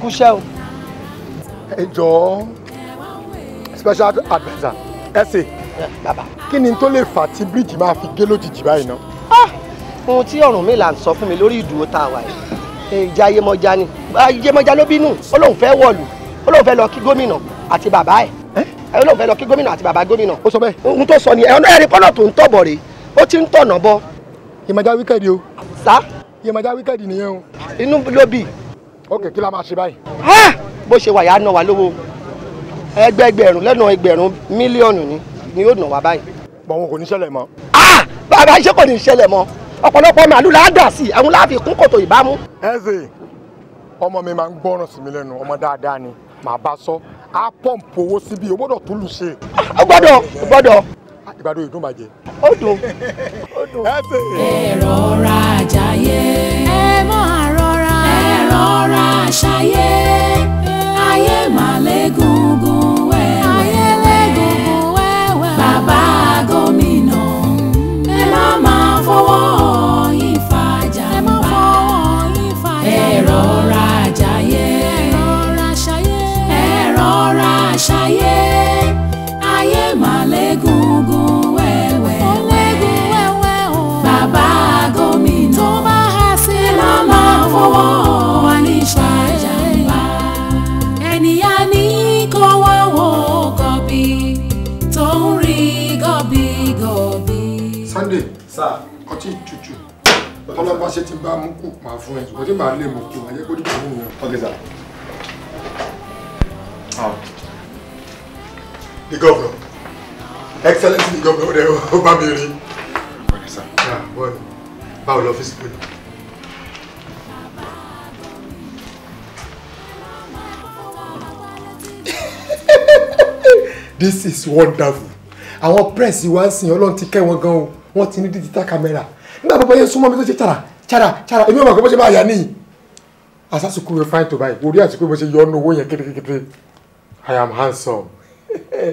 ẹkúṣẹ́ o. ẹ jọ̀ọ́ special adviser ẹ Baba. bàbá kí ni tó lè fà tí bíríìjì máa fi gé lójijì báyìí ná. Ah, ohun tí Ọ̀rúnmìlà ń sọ fún mi lórí ìdúró tá a wà yìí ìjà ayémọjá ni ayémọjá ló bínú ó lóun fẹ́ wọ̀lú ó lóun fẹ́ lọ kí gómìnà àti bàbá ẹ̀ ẹ lóun fẹ́ lọ kí gómìnà àti bàbá gómìnà. ó sọ bẹ́ẹ̀. ohun tó sọ ni ẹ̀ ẹ̀ rí kọ́nà tó ń tọ̀bọ̀ rèé ó ti ń tọ̀nà bọ̀. ìmọ̀já wíkẹ́ẹ̀dì o. sá. ìmọ̀já wíkẹ́ẹ̀dì nìyẹn o. inú ló bì ok kí la máa ṣe báyìí. bó ṣe wà yà á ná wa lówó ẹgbẹgbẹ̀rún lẹ́nu ẹgbẹ̀rún mílíọ̀nù ni ni yóò ná wa báyìí. bọ̀wọ̀n kò ní ṣẹlẹ̀ mọ́. bàbá iṣẹ́ kò ní ṣẹlẹ̀ mọ́ ọ̀pọ̀lọpọ̀ màálù la dà sí àwọn láàfin kún kòtò ìbámu. ẹ ṣe ọmọ mi máa ń gbọ́ràn sí mi lẹ́nu ọmọ dáadáa ni màá bá sọ á pọ́ǹpù owó síbi o gbọ́dọ̀ tó lù ṣe. ó gbọ́dọ̀ ó gbọ́dọ̀. Ah, ìbàdàn ìdún bàjẹ́. ó dùn ó dùn. ẹ ṣe. èrò ọ̀rọ̀ àjàyè ẹ máa rọra ṣayé ayé mà légungun wẹ́wẹ́ wẹ́wẹ́ bàbá gómìnà ẹ má má fọwọ́ yín fàjà mbà ẹ rọra jayé ẹ rọra ṣayé ayé mà légungun. Oh, oh, oh. ọtí tútù ọlọ́pàá ṣe ti bá mú kù pa fún ẹ ṣùgbọ́n tí màá lè mú kù ayé kó dìbò mú wọn. ọ̀gẹ̀ sà. the governor excellency the governor ọ̀dẹ̀ ó bá mi rí. ọ̀gẹ̀ sà. Ah, báwo lọ́fíìsì pé. this is wonderful àwọn press wa ń sìn ọlọ́run ti kẹ́ wọn gan o wọ́n ti ní digital camera nígbà bàbá yẹn súnmọ́ mi tó ṣe chara chara chara èmi ò mọ̀ pé bó ṣe máa yà níyì asásùkú rẹ fáìn tó báyìí orí àsìkò bó ṣe yọ ọ́nà owó yẹn kékeré i am handsome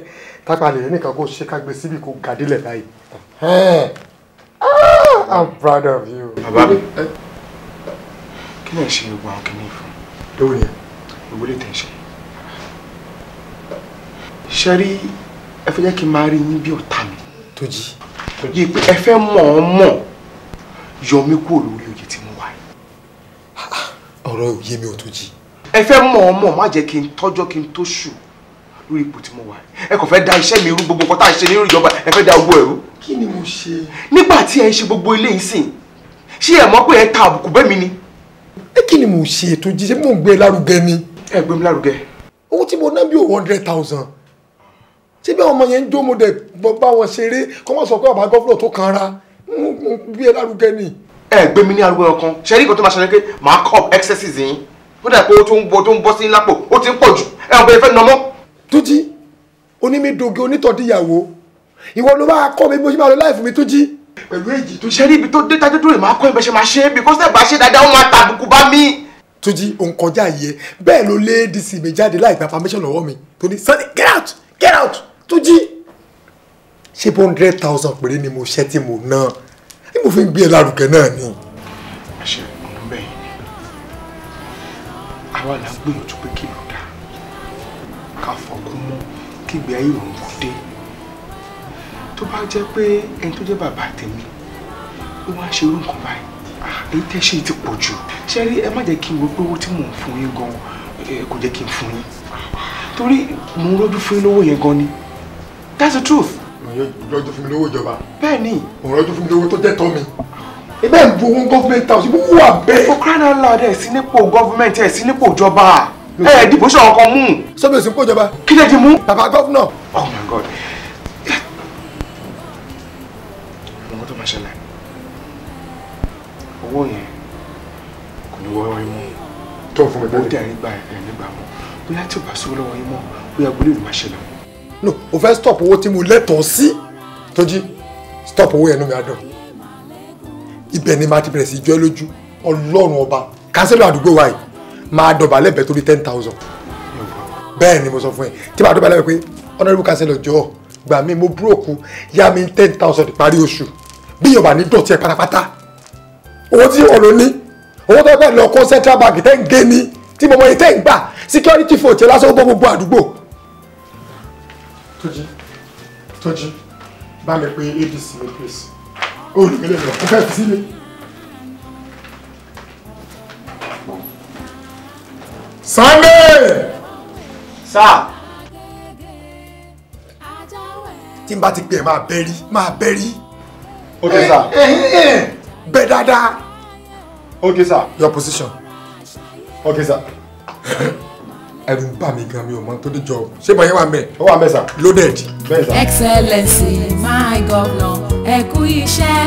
tápá lè nìkan kó ṣe ká gbé síbi kó gàdílẹ̀ báyìí ah, i'm proud of you. bàbá mi kí lè ṣe gbogbo àwọn kìnìún fún un. lórí ẹ ìwúlẹ̀ tẹ̀ ṣe. ṣe rí ẹ fẹ́ jẹ́ kí n máa rí yín bí ọ̀tá mi. Tójì. Tójì pé ẹ fẹ́ mọ̀ ọ́ mọ̀ yọ mí kúrò lórí oyè tí mo wà yìí. Ọ̀rọ̀ òye mi ò Tójì. Ẹ fẹ́ mọ̀ ọ́ mọ̀ má jẹ́ kí n tọ́jọ́ kí n tó ṣù lórí ipò tí mo wà yìí. Ẹ kò fẹ́ da iṣẹ́ mi rú gbogbo nǹkan tá à ṣe nínú ìjọba ẹ fẹ́ da owó ẹ̀rú. Kí ni mo ṣe? Nígbà tí ẹ ń ṣe gbogbo eléyìí sìn, ṣé ẹ mọ̀ pé ẹ ta àbùkù bẹ́ẹ̀ mi ni? Ẹ kí ni mo ṣe Tójì? Ṣé mo ń gbé e lárugẹ ni? Ẹ gbé mi lárugẹ. Owó tí mo ná bí one hundred thousand ṣé bí àwọn ọmọ yẹn ń jó mo dẹ̀ bá wọn ṣeré kọ́ wọ́n sọ pé bàbá gọ́fúlọ̀ tó kan ra bí ẹ lárugẹ ni. ẹ gbé mi ní arúgbó ọkàn ṣe rí nǹkan tó máa ṣe pé màá kọ́ excesses yín ó dà pé ó tún bọ́ tó ń bọ́ sí lápò ó ti ń pọ̀ jù ẹ ọ̀bẹ ìfẹ́ nà mọ́. Túnjí onímídòge onítọ̀díyàwó ìwọ ló máa kọ́ mi bí mo ṣe máa lọ láìfún mi Túnjí pẹ̀lú èjì tó ṣe rí ibi tó dé tájú dúró ìmọ̀ akọ́yìnbẹ̀ ṣe máa ṣe é because ẹ̀ bá ṣe dáadáa ó máa tàbùkù bá mi. Túnjí òun kọjá yẹ bẹ́ẹ̀ ló lé dc mi jáde láì gba permission lọ́wọ́ mi tó ní Sunny get out get out tó jí ṣé bó hundred thousand péré ni mo ṣẹ́ tí mo ná ni mo fi ń gbé ẹ lárugẹ náà ni. àṣẹ ọ̀nà bẹ́ẹ̀ àwa là ń gbìyànjú pé kí ló dáa ká fọkún mọ́ kí ìgbé ayé òun kò dé tó bá jẹ́ pé ẹni tó jẹ́ bàbá tèmi ó wá ń ṣe irú nǹkan báyìí èyí tẹ́ ṣe ti pọ̀ jù ṣe rí ẹ má jẹ́ kí n wo pé owó tí mò ń fún yín gan kò jẹ́ kí n fún yín torí mò ń rọ́jú fún yín lówó yẹn gan ni that's the truth. ìrọ̀jú fún mi lówó ìjọba. bẹ́ẹ̀ ni. ìrọ̀jú fún mi lówó tó jẹ́ tọ́ mi. ibẹ̀ ń bu owó gọ́fìmẹ̀ntì house ìbú wà bẹ́ẹ̀. for crying out loud ẹ̀ sí nípò gọ́fìmẹ̀ntì ẹ̀ sí nípò ìjọba ẹ̀ dìbò sọ̀rọ̀ kan mú. sọ́bẹ̀ sí ń pò ìjọba. kí lè ti mú. bàbá gọ́fìnà. oh my god. ọmọ tó máa ṣẹlẹ̀ owó yẹn kò ní wọ́ọ́rọ́ imú tó fún mi bẹ́ẹ̀ ni gbà nígbà mọ́ bóyá tí ò no o fẹ́ stop owó tí mo lẹ́tọ̀ọ́ sí Tójí stop owó ẹnu mi á dùn ibẹ̀ ni màá ti bẹ̀rẹ̀ sí jọ́ lójú ọlọ́run ọba kánsẹ́lọ̀ àdúgbò wa yìí máa dọ̀bà lẹ́bẹ̀ẹ́ torí ten thousand bẹ́ẹ̀ ni mo sọ fún ẹ tí màá dọ̀bà lẹ́bẹ̀ẹ́ pé honourable kánsẹ́lọ̀ jọ̀ọ́ gbà mí mo búròkù yá mi ten thousand parí oṣù bí yorùbá ní dọ̀tí ẹ pátápátá owó tí wọn lò ní owó tó pẹ̀ lọ kó central bank tẹ́ ń gé ni tí mo mọ iye tẹ́ ń gbà security fò tiẹ̀ lásán ó bọ́ gbogbo àdúgbò Toji, Toji, bá mi pe abc mi please olùkẹ́lẹ́ oh, lọ fẹ́ fi sílẹ̀. Sunday. sáà tí n bá ti pè máa bẹ́rí máa bẹ́rí. ok sir. Eh, eh, eh, bẹ́ẹ̀ dáadáa. ok sir. your position. ok sir. ẹ̀rù bà mí gan mi ò mọ tó dé jọ ṣé bàyẹ̀ wà mẹ́. ó wà mẹ́ sà. loaded. bẹ́ẹ̀ sà. excellency my governor ẹ kú iṣẹ́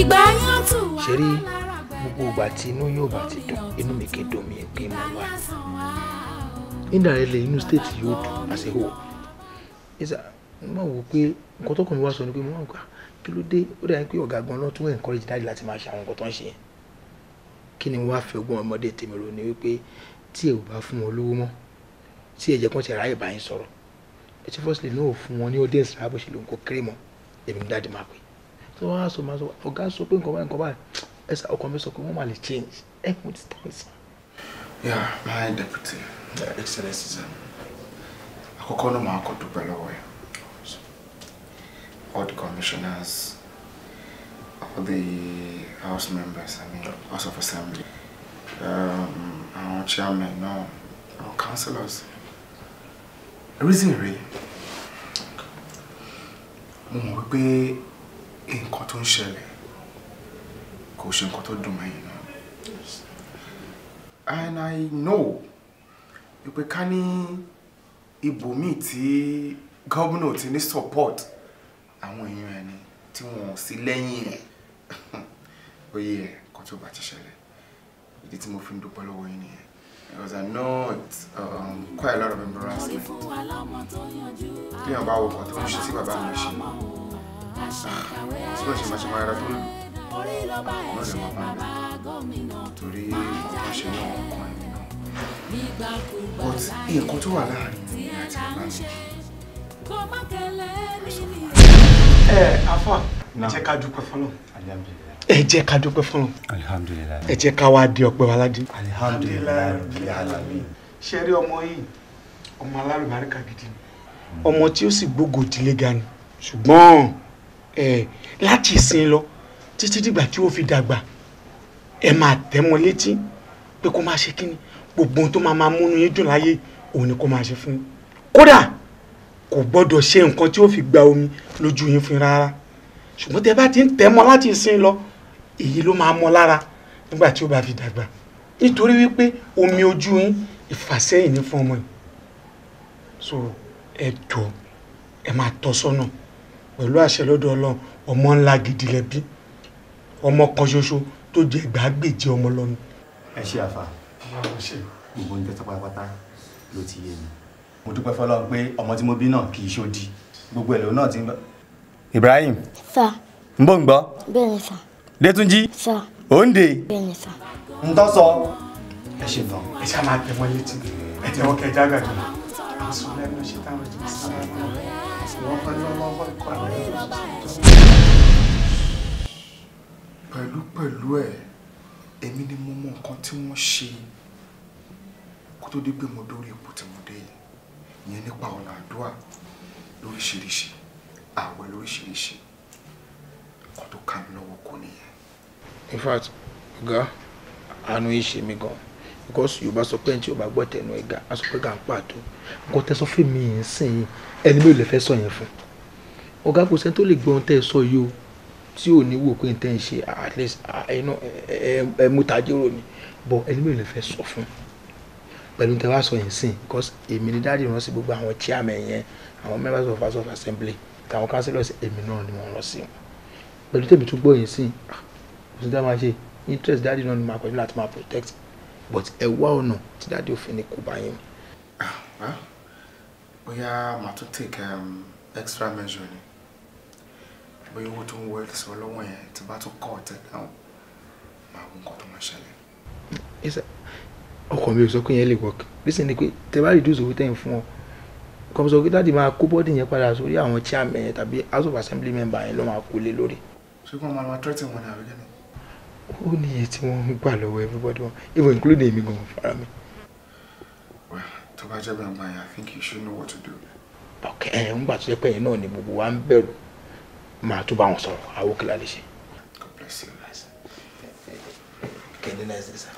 ìgbà yẹn tún wà lára. ṣe rí gbogbo ìgbà tí inú yóò bá ti dùn inú mi kì í dùn mí kì í mọ wá indirectly inú state yóò dùn as a whole ìsà mo wò pé nǹkan tó kàn mí wá sọ ni pé mo máa ń gbà kí ló dé ó dàbí pé ọ̀gá gan náà tún wẹ̀ encourage dáàdì láti máa ṣe àwọn nǹkan tó ń ṣe kí ni wọ́n á fi ogún ọmọdé tèmi rò ní wípé tí èrò bá fún wọn lówó mọ́ sí ẹ̀jẹ̀ kan ti ráyè bá yín sọ̀rọ̀ ẹ ti firstly náà fún wọn ní audience rà bó ṣe ló ń kó kéré mọ́ èmi ní dáàdì máa pè tí wọ́n sọ máa sọ ọ̀gá sọ pé nǹkan báyìí nǹkan báyìí ẹ ọkàn mi sọ pé wọ́n máa lè change ẹ kò ti tẹ̀ sá. yeah my deputy your excellence sir àkọ́kọ́ náà máa kọ́ dúpẹ́ lọ́wọ́ ẹ̀ all the commissioners all the house members i mean house of assembly um, àwọn chairman náà àwọn councillors reason rèé mo mọ̀ wípé nǹkan tó ń ṣẹlẹ̀ kò ṣe nǹkan tó dùn mẹ́yìn and I know you ká ní ibòmíì tí gómìnà ti ní support àwọn èèyàn ẹni tí wọ́n sí lẹ́yìn ẹ̀ ó yẹ ẹ̀ kó tó bá ti ṣẹlẹ̀ ìdí tí mo fi ń dúpẹ́ lọ́wọ́ yín nìyẹn because I know it's um, quite a lot of embarrassment. Bí ọba wo kan tó ń ṣe sí bàbá mi ṣe, tí wọ́n ṣe máa ṣe máa yára tó lò, àwọn ọ̀dọ́ máa bá mi torí ọ̀pọ̀ ṣe ní ọ̀hún kan ẹ̀mí náà. But nǹkan tó wà láàrin mi àti bàbá mi. Ẹ Afa, ẹ jẹ́ ẹ jẹ́ ká dúpẹ́ fún un alihamudulilayi ẹ jẹ́ ká wá di ọpẹ́ wa ládé alihamudulilayi alamin ṣe rí ọmọ yìí ọmọ alárùbáríkà gidi ni ọmọ tí ó sì gbógo ìdílé ga ni ṣùgbọ́n ẹ láti ìsìn lọ títí dìgbà tí ó fi dàgbà ẹ máa tẹ́mọ létí pé kó máa ṣe kíni gbogbo ohun tó máa máa múnú yín dùn láyé òun ni kó máa ṣe fún yín kódà kò gbọ́dọ̀ ṣe nǹkan tí ó fi gba omi lójú yín fún rárá ṣùgbọ́n tẹ bá ti ń tẹ́mọ láti ìsìn lọ èyí ló máa mọ́ lára nígbà tí ó bá fi dàgbà nítorí wípé omi ojú yín ìfàsẹ́yìn ní fún ọmọ yìí so ẹ jọ ẹ máa tọ́ sọ́nà pẹ̀lú àṣẹ lọ́dọ̀ ọlọ́run ọmọ ńlá gidi lẹ́bí ọmọ kan ṣoṣo tó jẹ gbàgbèjì ọmọ lọ́nu. ẹ ṣe àfà gbogbo ń tẹ́tọ́ pátápátá ló ti yé mi mo dúpẹ́ fọlọ́run pé ọmọ tí mo bí náà kì í ṣó di gbogbo ẹ̀ lòun náà ti ń bá. Ibrahim. sà. ń bò ń gbọ́. bẹ́ẹ̀ ni sà. Détúnjí. Sọ. Òǹdè. Bẹ́ẹ̀ni sọ. N tọ́ sọ. Ẹ ṣe tán. Ẹ ṣá máa tẹ wọ́n létí. Ẹ tẹ wọ́n kẹ ẹja gbàgbé. pẹ̀lú pẹ̀lú ẹ̀ èmi ni mo mọ nǹkan tí wọ́n ṣe kó tó dé pé mo dórí ipò tí mo dé yìí ìyẹn nípa ọ̀nà àdúrà lóríṣiríṣi ààwẹ̀ lóríṣiríṣi in fact ọ̀gá àánú yìí ṣe mí gan because yorùbá sọ pé ẹni tí yorùbá gbọ́ tẹnu ẹ̀ ga a sọ pé gà ń pàtó nǹkan tẹ́ sọ fún mi yìí sìn yìí ẹni mi ò lè fẹ́ sọ yẹn fún ọ̀gá kò sẹ́ni tó lè gbọ́ ohun tẹ́ ẹ sọ yìí o tí ò ní wò pé nǹkan ẹ̀ ṣe at least ẹ mú tajúrò ni but ẹni mi ò lè fẹ́ sọ fún pẹ̀lú tẹ́ wá sọ yẹn sìn because èmi ni dáàdi rán sí gbogbo àwọn chairman yẹn àwọn members of house of assembly tàwọn councillors èmi náà ni wọ́n rán sí wọn pẹ̀lú tèmi tún gbọ́ yín sí i ah, kò sí dá máa interest dáàdi náà ni máa pẹ̀lú láti máa protect but ẹ wá ọ̀nà tí dáàdi òfin ni kò bá yín. Ah, bóyá màá tún take um, extra measure ni bóyá owó tó ń wọ ẹ̀sọ́ lọ́wọ́ yẹn tí bá tún kọ́ ọ̀tẹ̀ dáhùn máa wọ nǹkan tó máa ṣẹlẹ̀. ọkọ mi ò sọ pé yẹn lè work reason ni pé tẹ bá reduce owó tẹ̀yìn fún ọ kọ́mùsọ̀ pé dáàdi máa kó bọ́ọ̀dì yẹn padà sórí àwọn chairman tàbí house of assembly member yẹn ló máa kó lé lórí ṣé máa wá tọ́tì wọn dàbí kí ó ní iye tí wọ́n ń gbà lọ́wọ́ everybody wọn even including èmi gan fara mi. well tó bá jẹ́ bẹ́ẹ̀ báyìí i think you should know what to do. ọ̀kẹ́ ẹ̀ ń gbà tó jẹ́ pé ẹ̀yin náà ni gbogbo wa ń bẹ̀rù máa tó bá wọn sọ̀rọ̀ àwọn òkè lálẹ́ ṣe. God bless you. kẹ́ni náà ṣe sá.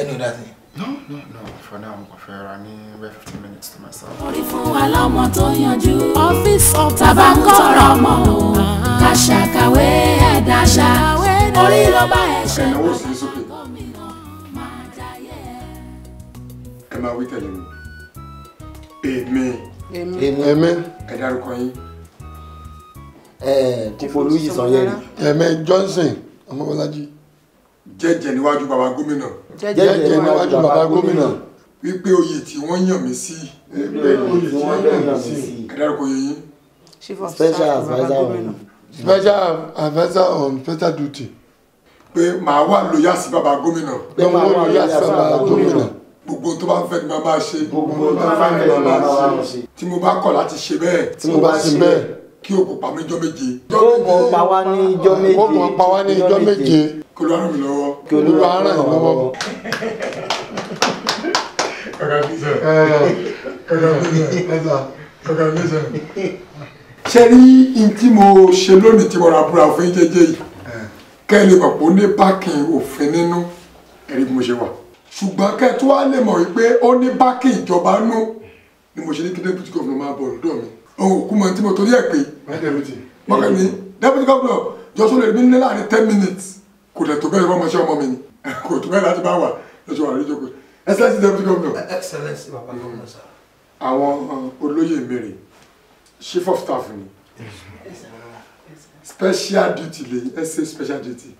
any other thing. No, no, no. For now, I'm prefer I need wait 15 minutes to myself. Orí fún wa lọ́mọ tó yanjú. Office of Tabanko Romo àṣà kàwé ẹ̀dá àṣà orí ló bá ẹ̀ṣẹ̀ gómìnà máa jayé. ẹ máa wí tẹ̀lé mi èmi èmi ẹ dárúkọ yín. kúfolú yìí sàn yẹn rí. Johnson Ọmọbọ́lájí. jẹ́jẹ́ níwájú bàbá gómìnà. jẹ́jẹ́ níwájú bàbá gómìnà. wípé oyè tí wọ́n yàn mí sí. wípé oyè tí wọ́n yàn mí sí. ẹ dárúkọ yín. special adviser special adviser on special duty. pé màá wà lóyà sí bàbá gómìnà. pé màá wà lóyà sí bàbá gómìnà. gbogbo tó bá fẹ́ ni màá máa ṣe. gbogbo tó bá fẹ́ ni màá máa ṣe. tí mo bá kọ̀ láti ṣe bẹ́ẹ̀. tí mo bá ṣe bẹ́ẹ̀. kí o pa mí jọ́ méje. kóògùn pa wá ní ijọ́ méje. kóògùn pa wá ní ijọ́ méje. kí Olúwa ràn mí lọ́wọ́. kí Olúwa ràn mí lọ́wọ́. kàkà bí sẹ́ẹ̀ kàkà bí sẹ́ẹ̀ kàkà bí sẹ́ẹ̀ ṣe rí in tí mo ṣe lónìí tí mo ra búra fún jẹ́jẹ́ yìí kẹ́lẹ́ pàpọ̀ ní bákìn òfin nínú ẹ̀rí mo ṣe wà ṣùgbọ́n kẹ́ tó wá lè mọ̀ wípé ó ní bákìn ìjọba nú ni mo ṣe ní kí deputy governor máa bọ̀ lọ́dọ̀ mi ohun òkú mọ̀ tí mo torí ẹ̀ pé mọ̀kàn ní deputy governor jọ sọ lè rí mi ní láàrin ten minutes kò lè tó bẹ́ẹ̀ lọ́mọ ṣe ọmọ mi ni kò tó bẹ́ẹ̀ láti bá wà lọ́sọ̀ wà lórí ìjókòó deputy governor. excellency baba governor sir. àwọn uh, olóyè mèrè chief of staff ni special duty le ẹ ṣe special duty.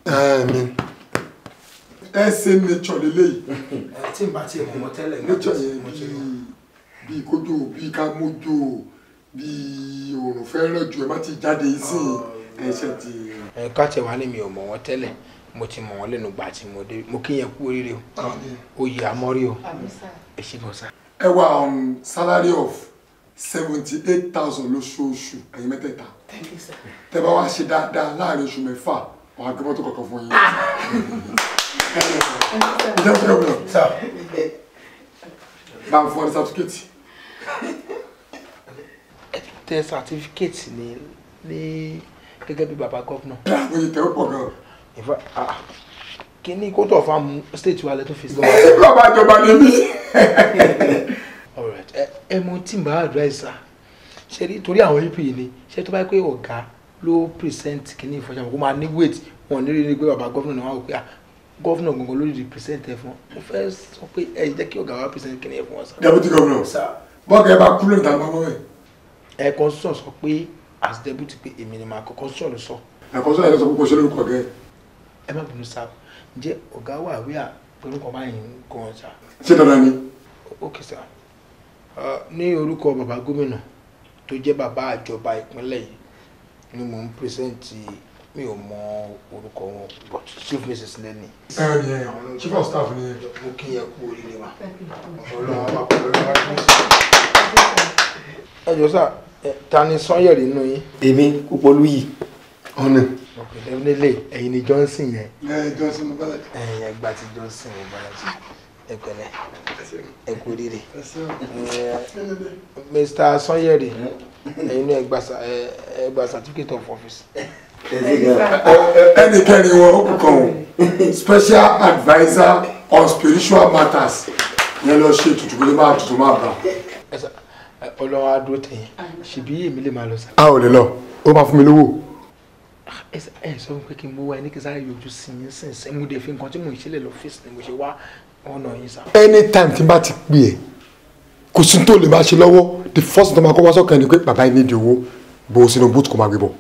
ẹ ṣe nature lélẹ́yìí. tí n bá ti mọ̀ tẹ́lẹ̀ ní nature yẹn bíi kójú bíi ká mójú bíi òòrùn fẹ́ràn ju ẹ má ti jáde sí oh. ẹ̀ṣẹ̀ ti. ẹ̀ka tẹ̀wá ni mi ò mọ̀ wọ́n tẹ́lẹ̀ mo ti mọ̀ wọ́n lẹ́nu gbà tí mo dé mo kíyàn kú oríire o oyè amọ́rí o ẹ ṣe bọ̀ sá. ẹ wá on um, salary of seventy eight thousand lóṣooṣù ẹ̀yin mẹ́tẹ̀ẹ̀ta tẹ́ bá wá ṣe dáadáa láàrin oṣù mẹ́fà wàá gbé mọ́tò kọ̀ọ̀kan fún yín. ìjà fún yàgò náà bá ń fún ọ ní sátífíkẹ́tì. tẹ sátífíkẹ́tì ní ní gẹ́gẹ́ bí bàbá gọ́vnà. ó yẹ tẹ ó pọ̀ gan-an ah, kí ni kótó ọ̀fà mu state wa lẹ́tọ́ fi sí. bàbá ìjọba ni mí. alright ẹ mọ tí n bá advice ṣe rí torí àwọn ap ni ṣe tó bá yẹ pé ọ̀gá ló present kìíní ìfọ̀ṣà kó máa ní wait. wọn ní rí ni pé bàbá gọ́fìnà náà wà pé gọ́fìnà gbọ̀ngàn ló rí present ẹ fún ọ mo fẹ́ sọ pé ẹ jẹ́ kí ọ̀gá wa present kìíní ẹ fún ọ sá. deputy governor bọ́ọ̀gá ẹ bá kú lónìí tàbí ọmọ rẹ̀. ẹ constitution sọ pé as deputy pé èmi ni màá kọ constitution ló sọ. ẹ constitution yẹn sọ pé kò ṣe lórúkọ gẹ. ẹ má bínú sá ǹjẹ́ ọ̀gá wà wíà pẹ̀lú kọ́ báyìí gan-an sá. ṣé dandan sá. Ah, ní orúkọ bàbá gómìnà tó jẹ́ bàbá àjọba ìpínlẹ̀ yìí ni mò ń pèsèǹtì mi ò mọ orúkọ wọn but chief mrs lenny. ẹ ẹ chief of staff nìyẹn. mo kí yẹn kú oríire wa ọlọ́run wa kọ lọ́wọ́ wa kí ẹ jọ sá ta ni sanyẹri nù yín. èmi kúpọ̀lù yìí. ọ̀nà. ọ̀pẹ̀ lẹ́yìn lẹ́yìn ẹ̀yin ni johnson yẹn. ẹ johnson mo bá lọ. ẹ̀yin johnson mo ẹ pẹ̀lẹ́ mr sanyeri ẹ̀yin náà ẹ gba of office. ẹnì kẹrin wọn ó kú kan special adviser on spiritual matters yẹn lọ ṣe tutù kó lè máa tutù máa bà. ọlọ́run á dúró tẹ̀yìn ṣèbí èmi lè máa lọ sá. a ò lè lọ ó máa fún mi lówó ah, ẹ sọ fún pé kí n mú wa ẹni kí n sáré yọjú sí yín sínsìn mo dé fi nǹkan tí mò ń ṣẹlẹ̀ lọ fèsì ni mo ṣe wá anytime tí n bá ti pè é kò sí tó lè máa ṣe lọ́wọ́ the first time tó máa kọ́ wá sọ́kàn ni pé bàbá yìí nídìí owó bó o sínú bóòtù kó máa gbé bọ̀.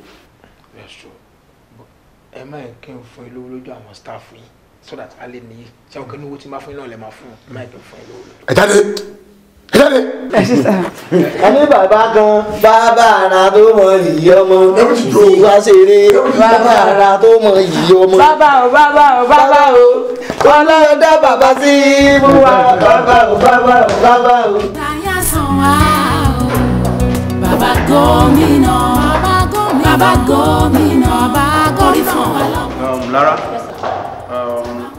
ẹ má yẹ kí n fún ilé owó lójú àwọn staff yìí so that a lè ṣé o kí ni owó tí n bá fún yín náà lè máa fún un má yẹ kí n fún ilé owó lójú. ẹ jáde jáde. ẹ ṣe sá. a ní bàbá kan bàbá ara tó mọ yìí ọmọ ìwà ṣeré bàbá ara tó mọ yìí ọmọ. bàbá o bàbá o bàbá o ọlọ́run dá bàbá sí fún wa bàbá o bàbá o bàbá o. táyà sàn wá o bàbá gómìnà bàbá gómìnà bàbá gómìnà bá gómìnà wà lọ. lára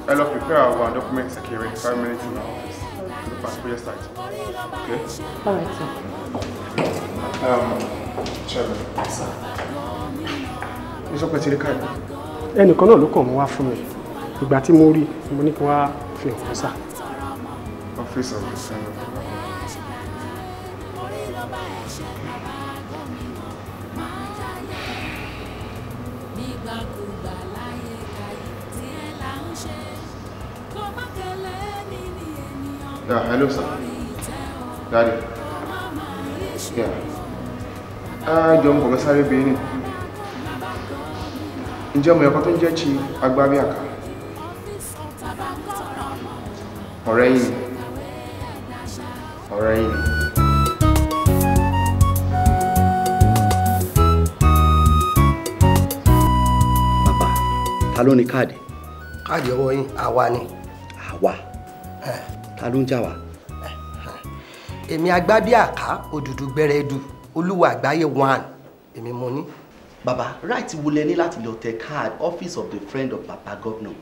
ẹ lọ pípẹ́ àwa. Okay. All right, sir. Um, Chairman. sir. Mo sọ pé ti rí káàdì. Ẹnìkan náà ló kàn mú wá fún mi. Ìgbà tí mo rí, mo ní kí wọ́n á fi hàn sá. Ọ́fíìsì ọ̀fíìsì ẹ̀rọ. Yeah, hello sir. Daddy. Yeah. Ah, jọ mo kọ̀kọ́ sáré bí ní. Ǹjẹ́ mo ẹ̀kọ́ tó ń jẹ́ chi agbábí àká? Ọ̀rẹ́ yìí. Ọ̀rẹ́ yìí. Bàbá, ta ló ní káàdì? ni. Àwa? Eh. Ta ló ń èmi agbábíàká òdùdú gbẹrẹdu olúwa àgbáyé one èmi mo ní. bàbá right wo lẹ ní láti lọ tẹ card office of the friend of baba governor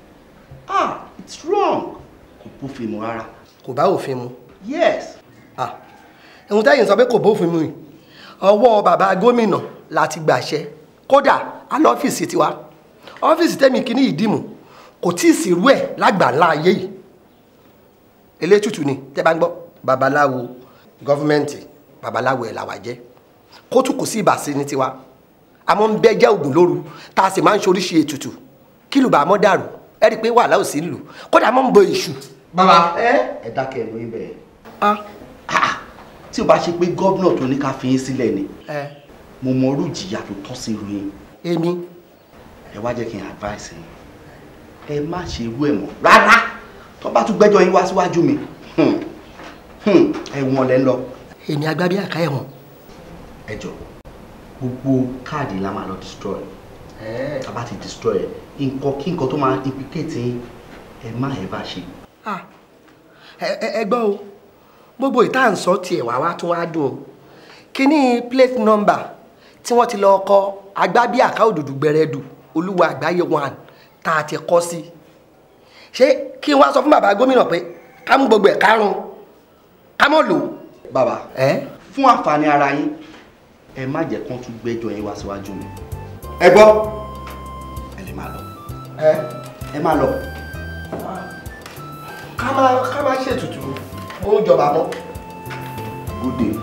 ah it's wrong kò bófin mu rárá. kò bá òfin mu. yes. ah ẹ̀hún táyì ń sọ pé kò bófin mu yìí ọwọ́ bàbá gómìnà láti gbàṣẹ kódà alọ́ ọ́fíìsì tiwa ọ́fíìsì tẹ́mi kìíní ìdìmú kò tí ì sírú ẹ̀ lágbàá ńlá ayé yìí elétùtù ni tẹ́ bá ń gbọ́ babaláwo gọ́fúmẹ́ǹtì babaláwo ẹ̀ làwà jẹ́ kóòtù kò sí ìbàsí ní tiwa àmọ́ ń bẹ́jẹ́ ògùn lóru tá a sì máa ń ṣoríṣi ètùtù kí lùbà mọ́ dàrú ẹ rí i pé wàhálà ò sí lù kódà mọ́ ń bọ èṣù. bàbá ẹ dákẹ́ ẹ lóyún bẹ́ẹ̀. tí o bá ṣe pé gómìnà tó ní ká fi yín sílẹ̀ ni mo mọ orú ìjìyà tó tọ́ sí irú yín. èmi. ẹ wá jẹ́ kí n advice yín ẹ má ṣe irú ẹ̀ mọ́ rárá tó bá tún gbẹ́jọ́ yín wá síwájú mi. Hmm. Hmm, ẹ̀wọ̀n lẹ́ ń lọ. èmi agbábí àká ẹ̀wọ̀n. ẹ jọ gbogbo káàdì la máa lọ destroy ẹ bá ti destroy ẹ nǹkan kí nǹkan tó máa implicate ẹ má ẹ bá ṣe. Ah, ẹ gbọ́ o gbogbo ìta ń sọ tiẹ̀ wá wá tó wá dùn o kíní plate number tí wọ́n ti lọ kọ agbábí àká òdùdù gbẹrẹdù olúwa àgbáyé one tá a ti kọ́ sí ṣé kí n wá sọ fún bàbá gómìnà pé ká mú gbogbo ẹ̀ kárùn-ún ká mọ̀ lò. bàbá fún àǹfààní ara yín ẹ má jẹ́ kán tún gbẹ́jọ́ yín wá síwájú mi. ẹ gbọ́ ẹ lè máa lọ. ẹ máa lọ. ká máa ká máa ṣètùtù ó ń jọba mọ́. good day.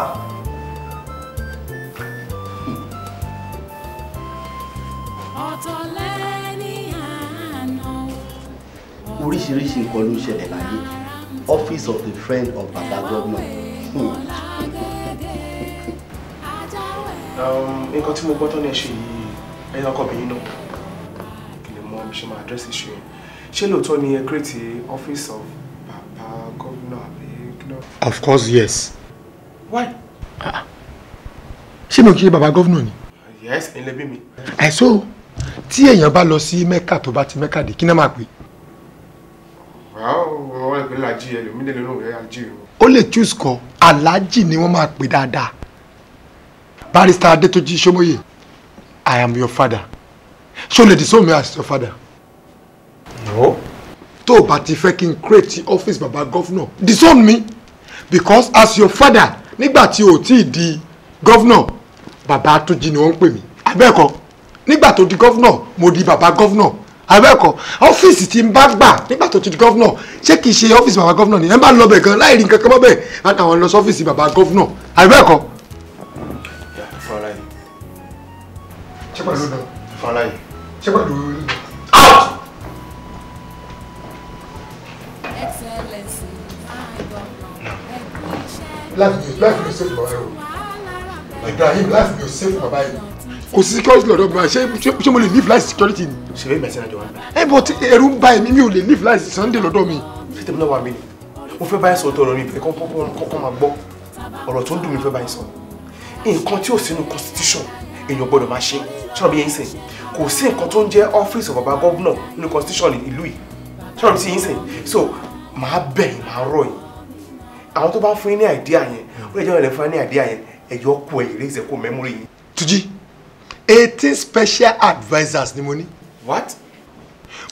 Ah. oríṣiríṣi nǹkan ló ń ṣẹlẹ̀ láyé office of the friend of baba Governor. Hmm. Um, nǹkan tí mo gbọ́ tán ní ẹ̀ṣẹ̀ yìí ẹ̀yìn ọkọ mi yín náà kì í mọ bí address issue She, ṣé lóòótọ́ ni ẹ create office of Papa Governor. of course yes. why. She ah. mi ò kí ṣe baba gómìnà yes ilé bí mi. I saw. Tia, bá lọ sí mẹ́kà tó bá ti mẹ́kà dé kí náà wow pé lajì ẹlòmíì lè lóun rẹ o. ó lè choose kan aláàjì ni wọ́n máa pè dáadáa barrister adétọ́jí sọmọye i am your father ṣó lè disown me as your father. no. tó o bá ti fẹ́ kí n create office baba governor disown me because as your father nígbà tí o ti di governor baba atúnjí ni wọ́n ń pè mí abẹ́ẹ̀kọ́ nígbà tó di governor mo di baba governor abẹ́ẹ̀kọ́ ọ́fíìsì tí n bá gbà nígbà tó ti di gọ́fúnà ṣé kìí ṣe ọ́fíìsì bàbá gọ́fúnà ni ẹ bá lọ bẹ̀ gan láì rí nǹkan kan mọ́ bẹ́ẹ̀ àtàwọn lọ sọ́fíìsì bàbá gọ́fúnà abẹ́ẹ̀kọ́. ṣé life. náà ṣé pẹ̀lú out. láti mi ò sèfù bàbá yìí o Ibrahim láti mi ò sèfù bàbá yìí kò sí security lọ́dọ̀ bá ṣé ṣé mo lè live life security ni. ṣèlè mẹsẹ̀ náà jọ wá. ẹ bọ ẹ̀rù ń bà èmi mi ò lè live life sunday lọ́dọ̀ mi. fìtẹ́mi náà wà mí ni mo fẹ́ báyìí sọ ọ̀tọ̀ ọ̀rọ̀ mi ìfẹ́ kọ́kọ́ máa gbọ́ ọ̀rọ̀ tó ń dùn mí fẹ́ báyìí sọ nǹkan tí ò sínú constitution èèyàn gbọ́dọ̀ máa ṣe ṣọ́nà bí yẹn ń sìn kò sí nǹkan tó ń jẹ́ ọ́fíìsì bàbá gọ́vnà nínú constitution ìlú yìí ṣọ́nà bí yẹn ń sìn so màá bẹ̀ yín màá rọ̀ yín àwọn tó bá ń fún yín ní àìdíà yẹn ó lè jẹ́ ìrẹ̀lẹ̀ fún yín ní memory yín eighteen special advisers ni mo ní. what.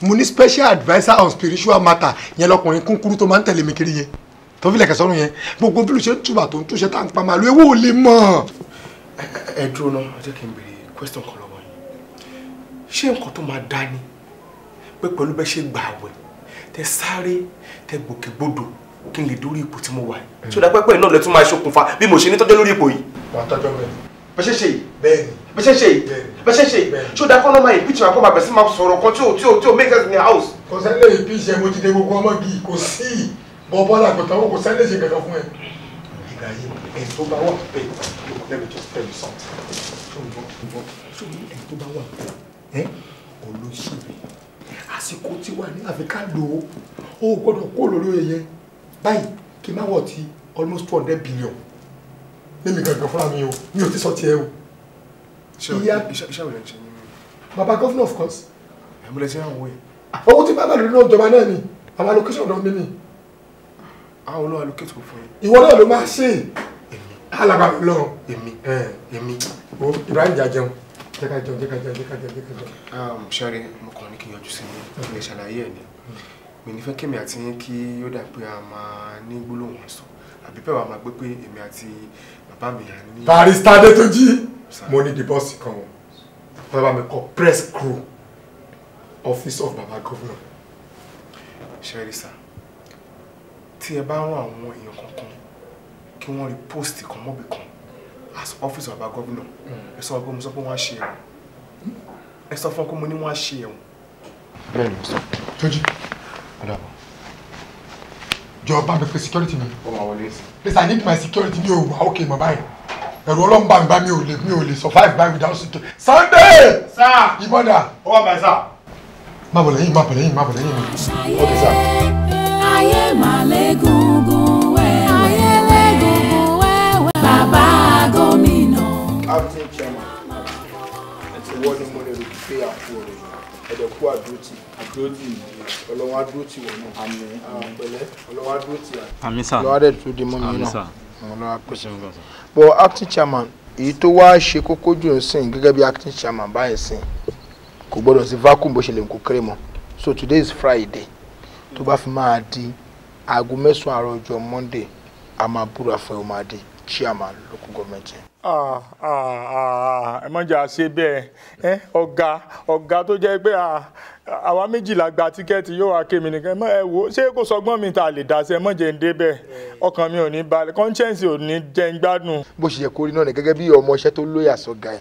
mo ní special adviser on spiritual matter yẹn lọkùnrin kúnkúrú tó máa ń tẹ̀lé mi kiri yẹn tó fi lẹ̀kẹ̀ sọ́run yẹn gbogbo bí olùṣe ń túbà tó ń túṣe tá à ń pa màálù ewu ò lè mọ̀. ẹ dúró náà jẹ́ kí n béèrè question kan lọ́wọ́ yìí ṣé nǹkan tó máa dá ni pé pẹ̀lú bẹ́ẹ̀ ṣe gbà àwẹ̀ tẹ sáré tẹ gbòkègbodò kí n lè dórí ipò tí mo wà yìí. sódà pẹ́pẹ́ náà lè máa ṣokùnfà bí mo ṣe ní tọ́jọ́ lórí ipò yìí. wàá tọ́jọ́ bẹ́ẹ̀. bẹ́ẹ̀ ṣe yìí. bẹ́ẹ̀ ni bẹ́sẹ̀ ṣe yìí bẹ́sẹ̀ ṣe yìí tí ó dákọ́ nọ́mà ìpìtì máa kọ́ máa bẹ̀sẹ̀ máa sọ̀rọ̀ kan tí ò tí ò tí ò make sense in house. kò sẹ́lẹ̀ ìpìtì ẹ̀ mo ti dé gbogbo ọmọ gi kò sí bọ́ bọ́lá kò tán kò sẹ́lẹ̀ ṣe kankan fún ẹ. ìgbà yìí ẹ̀ tó bá wà pé let me just tell you something. sórí ẹ̀ tó bá wà pé olóṣèlú àsìkò tí wà ní àfikà lò ó ó gbọ́dọ̀ kó lórí oyè báyìí kí n má wọ̀ ti almost two hundred billion. lẹ́mi gàgàn fúnra mi o mi ò ti sọ tiẹ̀ o ìyá bàbá gọ́fìnà of course. ẹ̀mọ́lẹ̀ sí àwọn òye. owó tí bàbá lòdì náà jọba náà ni àwọn allocation náà mi ni. àwọn olóò allocate kò fún yín. ìwọ náà ló máa ṣe é. èmi alaba lọ èmi èmi o Ibrahim jà jẹun jẹ́ ká jẹun jẹ́ ká jẹun jẹ́ ká jẹun jẹ́ ká jẹun. sọ́ọ́rì um, mo kàn ní kí n yọjú sí mi kí n lè ṣàlàyé ẹ̀ ni mi ní fẹ́ kémi àti yín kí ó dà pé a máa ní gbólóhùn sọ àbí bẹ́ẹ̀ wà máa gbé pé èmi àti bàbá mi à ní. barista Adétúnjí. Money ní di bọ́ọ̀sì kan wọn bàbá press crew office of baba governor. ṣẹ́rí sir. tí ẹ bá rán àwọn èèyàn kankan kí wọ́n rí post kan mọ́bì kan as office of baba governor mm. ẹ sọ go. mo sọ pé wọ́n á ṣe ẹ̀wọ̀n ẹ sọ fún ọ pé mo ní wọ́n á ṣe ẹ̀wọ̀n. bẹ́ẹ̀ ni mo sọ. jọjí security mi. ó máa wọlé please i need my security ní òwúrọ̀ okay my báyìí ẹ̀rù ọlọ́run bá mi bá mi ò lè mi ò lè survive by without sunday sunday. sá ìbọ̀dà. ó wà báyìí sá. má bọ̀ lẹ́yìn má bọ̀ lẹ́yìn má bọ̀ lẹ́yìn mi. ok sá. ayé màlẹ́ gungun wẹ́wẹ́ ayé lẹ́gungun wẹ́wẹ́ bàbá gómìnà. acting chairman àti wọ́n ní mo lè rí pé àpò rẹ̀ ẹ̀dẹ̀ kú àdúrótì àdúrótì ọlọ́wọ́n àdúrótì wọ̀ náà àmì pẹ̀lẹ́ ọlọ́wọ́n àdúrótì àmì sá ọlọ́wọ́n àdúrótì tó dé mọ́ mi náà bọ acting chairman èyí tó wá ṣe kókó jù ń sìn gẹ́gẹ́ bí acting chairman báyìí sìn kò gbọ́dọ̀ sí vacuum bó ṣe lè kó kéré mọ́ so today is friday tó bá fi máa di aago mẹ́sàn-án àárọ̀ ọjọ́ monday a máa búra fún ẹ o máa di chairman local government Ah, ah, ah, ẹ mọ̀ jà ṣe bẹ́ẹ̀ ọ̀gá ọ̀gá tó jẹ́ pé àwa méjìlá gba tíkẹ́ẹ̀tì yóò wá kémi nìkan ẹ wò ó ṣé kò sọgbọ́n mi ta lè dá sí ẹ mọ̀ jẹ́ ń débẹ̀ ọkàn mi ò ní balẹ̀ conscience ò ní jẹ́ ń gbádùn. bó ṣe yẹ kó rí náà ni gẹ́gẹ́ bí ọmọ iṣẹ́ tó lóyà sọ́gà